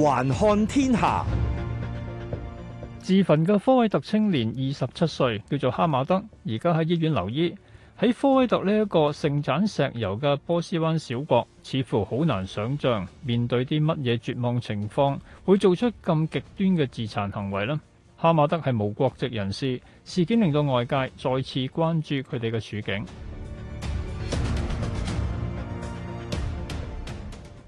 環看天下，自焚嘅科威特青年二十七歲，叫做哈馬德，而家喺醫院留醫。喺科威特呢一個盛產石油嘅波斯灣小國，似乎好難想象，面對啲乜嘢絕望情況會做出咁極端嘅自殘行為呢？哈馬德係無國籍人士，事件令到外界再次關注佢哋嘅處境。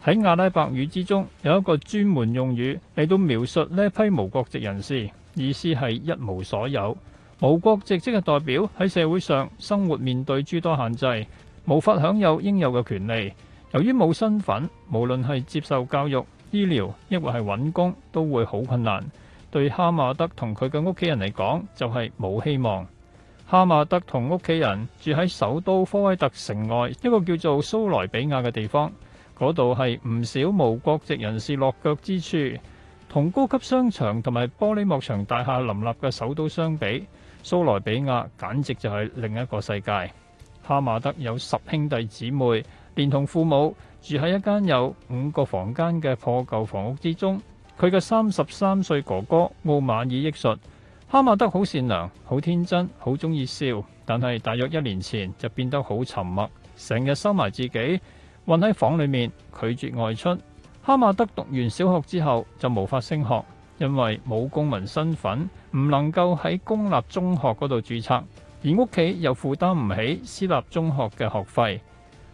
喺阿拉伯語之中有一個專門用語嚟到描述呢批無國籍人士，意思係一無所有。無國籍即係代表喺社會上生活面對諸多限制，無法享有應有嘅權利。由於冇身份，無論係接受教育、醫療，抑或係揾工，都會好困難。對哈馬德同佢嘅屋企人嚟講，就係冇希望。哈馬德同屋企人住喺首都科威特城外一個叫做蘇萊比亞嘅地方。嗰度係唔少無國籍人士落腳之處，同高級商場同埋玻璃幕牆大廈林立嘅首都相比，蘇萊比亞簡直就係另一個世界。哈馬德有十兄弟姊妹，連同父母住喺一間有五個房間嘅破舊房屋之中。佢嘅三十三歲哥哥奧馬爾憶述，哈馬德好善良、好天真、好鍾意笑，但係大約一年前就變得好沉默，成日收埋自己。困喺房裏面，拒絕外出。哈馬德讀完小學之後就無法升學，因為冇公民身份，唔能夠喺公立中學嗰度註冊，而屋企又負擔唔起私立中學嘅學費。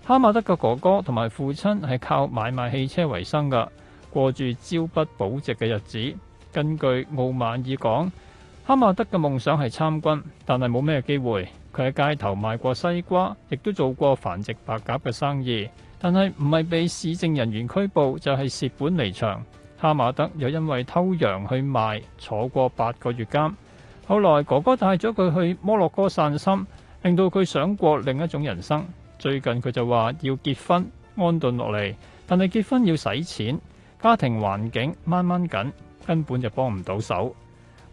哈馬德嘅哥哥同埋父親係靠買賣汽車為生嘅，過住朝不保夕嘅日子。根據奧馬爾講，哈馬德嘅夢想係參軍，但係冇咩機會。佢喺街頭賣過西瓜，亦都做過繁殖白鴿嘅生意。但係唔係被市政人員拘捕，就係蝕本離場。哈馬德又因為偷羊去賣，坐過八個月監。後來哥哥帶咗佢去摩洛哥散心，令到佢想過另一種人生。最近佢就話要結婚，安頓落嚟，但係結婚要使錢，家庭環境掹掹緊，根本就幫唔到手。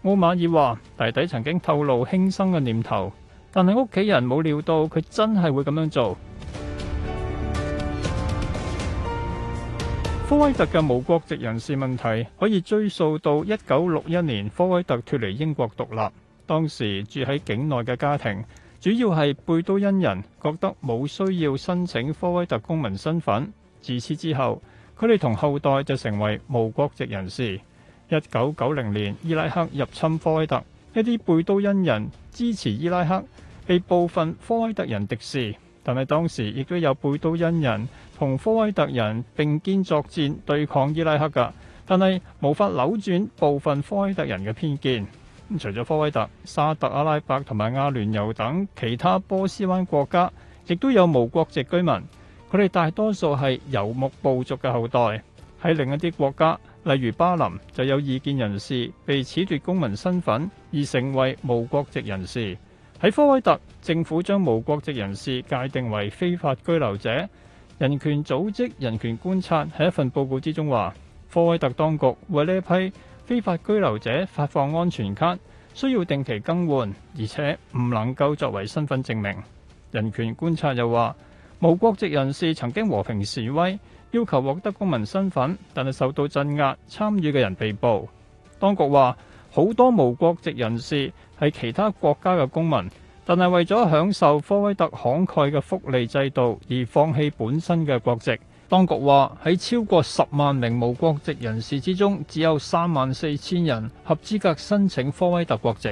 奧馬爾話：弟弟曾經透露輕生嘅念頭，但係屋企人冇料到佢真係會咁樣做。科威特嘅無國籍人士問題可以追溯到一九六一年科威特脫離英國獨立，當時住喺境內嘅家庭，主要係貝都因人，覺得冇需要申請科威特公民身份。自此之後，佢哋同後代就成為無國籍人士。一九九零年伊拉克入侵科威特，一啲貝都因人支持伊拉克，被部分科威特人敵視。但係當時亦都有貝都因人同科威特人並肩作戰對抗伊拉克的，噶但係無法扭轉部分科威特人嘅偏見。除咗科威特、沙特阿拉伯同埋阿聯酋等其他波斯灣國家，亦都有無國籍居民。佢哋大多數係游牧部族嘅後代。喺另一啲國家，例如巴林，就有異見人士被褫奪公民身份而成為無國籍人士。喺科威特，政府將無國籍人士界定為非法居留者。人權組織人權觀察喺一份報告之中話，科威特當局為呢一批非法居留者發放安全卡，需要定期更換，而且唔能夠作為身份證明。人權觀察又話，無國籍人士曾經和平示威，要求獲得公民身份，但係受到鎮壓，參與嘅人被捕。當局話，好多無國籍人士係其他國家嘅公民，但係為咗享受科威特慷慨嘅福利制度而放棄本身嘅國籍。當局話喺超過十萬名無國籍人士之中，只有三萬四千人合資格申請科威特國籍。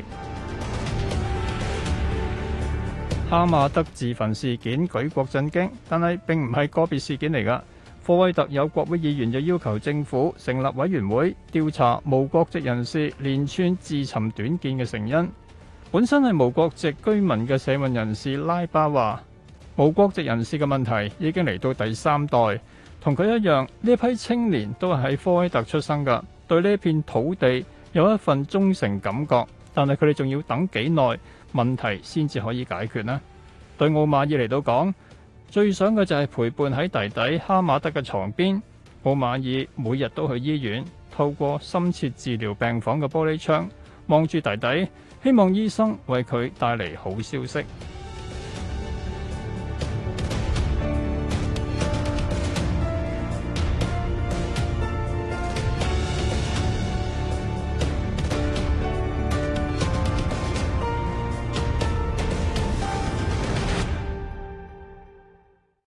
哈馬德自焚事件舉國震驚，但係並唔係個別事件嚟㗎。科威特有國會議員就要求政府成立委員會調查無國籍人士連串自尋短見嘅成因。本身係無國籍居民嘅社運人士拉巴話：無國籍人士嘅問題已經嚟到第三代，同佢一樣，呢一批青年都係喺科威特出生㗎，對呢一片土地有一份忠誠感覺。但係佢哋仲要等幾耐問題先至可以解決呢？對奧馬爾嚟到講。最想嘅就係陪伴喺弟弟哈馬德嘅床邊，奧馬爾每日都去醫院，透過深切治療病房嘅玻璃窗望住弟弟，希望醫生為佢帶嚟好消息。